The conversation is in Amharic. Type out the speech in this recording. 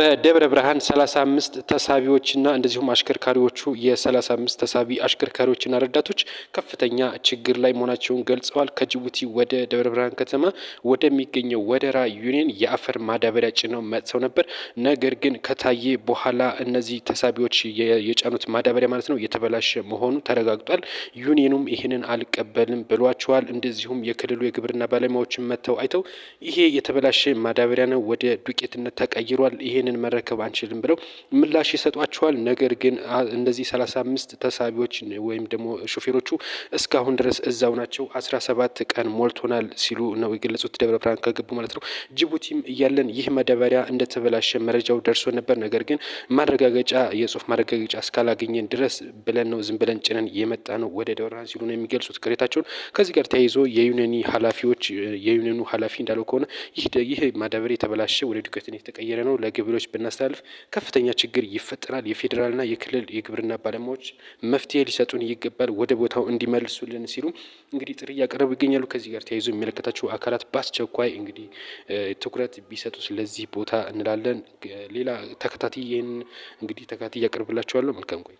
በደብረ ብርሃን 35 ተሳቢዎችና እንደዚሁም አሽከርካሪዎቹ የ35 ተሳቢ አሽከርካሪዎችና ረዳቶች ከፍተኛ ችግር ላይ መሆናቸውን ገልጸዋል። ከጅቡቲ ወደ ደብረ ብርሃን ከተማ ወደሚገኘው ወደራ ዩኒየን የአፈር ማዳበሪያ ጭነው መጥተው ነበር። ነገር ግን ከታየ በኋላ እነዚህ ተሳቢዎች የጫኑት ማዳበሪያ ማለት ነው የተበላሸ መሆኑ ተረጋግጧል። ዩኒየኑም ይህንን አልቀበልም ብሏቸዋል። እንደዚሁም የክልሉ የግብርና ባለሙያዎችን መጥተው አይተው ይሄ የተበላሸ ማዳበሪያ ነው፣ ወደ ዱቄትነት ተቀይሯል፣ ይሄን ይህንን መረከብ አንችልም ብለው ምላሽ ይሰጧቸዋል። ነገር ግን እነዚህ ሰላሳ አምስት ተሳቢዎች ወይም ደግሞ ሾፌሮቹ እስካሁን ድረስ እዛው ናቸው። አስራ ሰባት ቀን ሞልቶናል ሲሉ ነው የገለጹት። ደብረ ብርሃን ከገቡ ማለት ነው። ጅቡቲም እያለን ይህ መዳበሪያ እንደተበላሸ መረጃው ደርሶ ነበር። ነገር ግን ማረጋገጫ የጽሁፍ ማረጋገጫ እስካላገኘን ድረስ ብለን ነው ዝም ብለን ጭነን የመጣ ነው ወደ ደብረ ብርሃን ሲሉ ነው የሚገልጹት ቅሬታቸውን። ከዚህ ጋር ተያይዞ የዩኒኒ ኃላፊዎች የዩኒኑ ኃላፊ እንዳለው ከሆነ ይህ ማዳበሪያ የተበላሸ ወደ ዱቄትን የተቀየረ ነው ለግብ ቢሮዎች ብናስተላልፍ ከፍተኛ ችግር ይፈጠራል። የፌዴራልና የክልል የግብርና ባለሙያዎች መፍትሄ ሊሰጡን ይገባል፣ ወደ ቦታው እንዲመልሱልን ሲሉ እንግዲህ ጥሪ እያቀረቡ ይገኛሉ። ከዚህ ጋር ተያይዞ የሚመለከታቸው አካላት በአስቸኳይ እንግዲህ ትኩረት ቢሰጡ ስለዚህ ቦታ እንላለን። ሌላ ተከታታይ ይህን እንግዲህ ተከታታይ እያቀርብላቸዋለሁ። መልካም ቆይ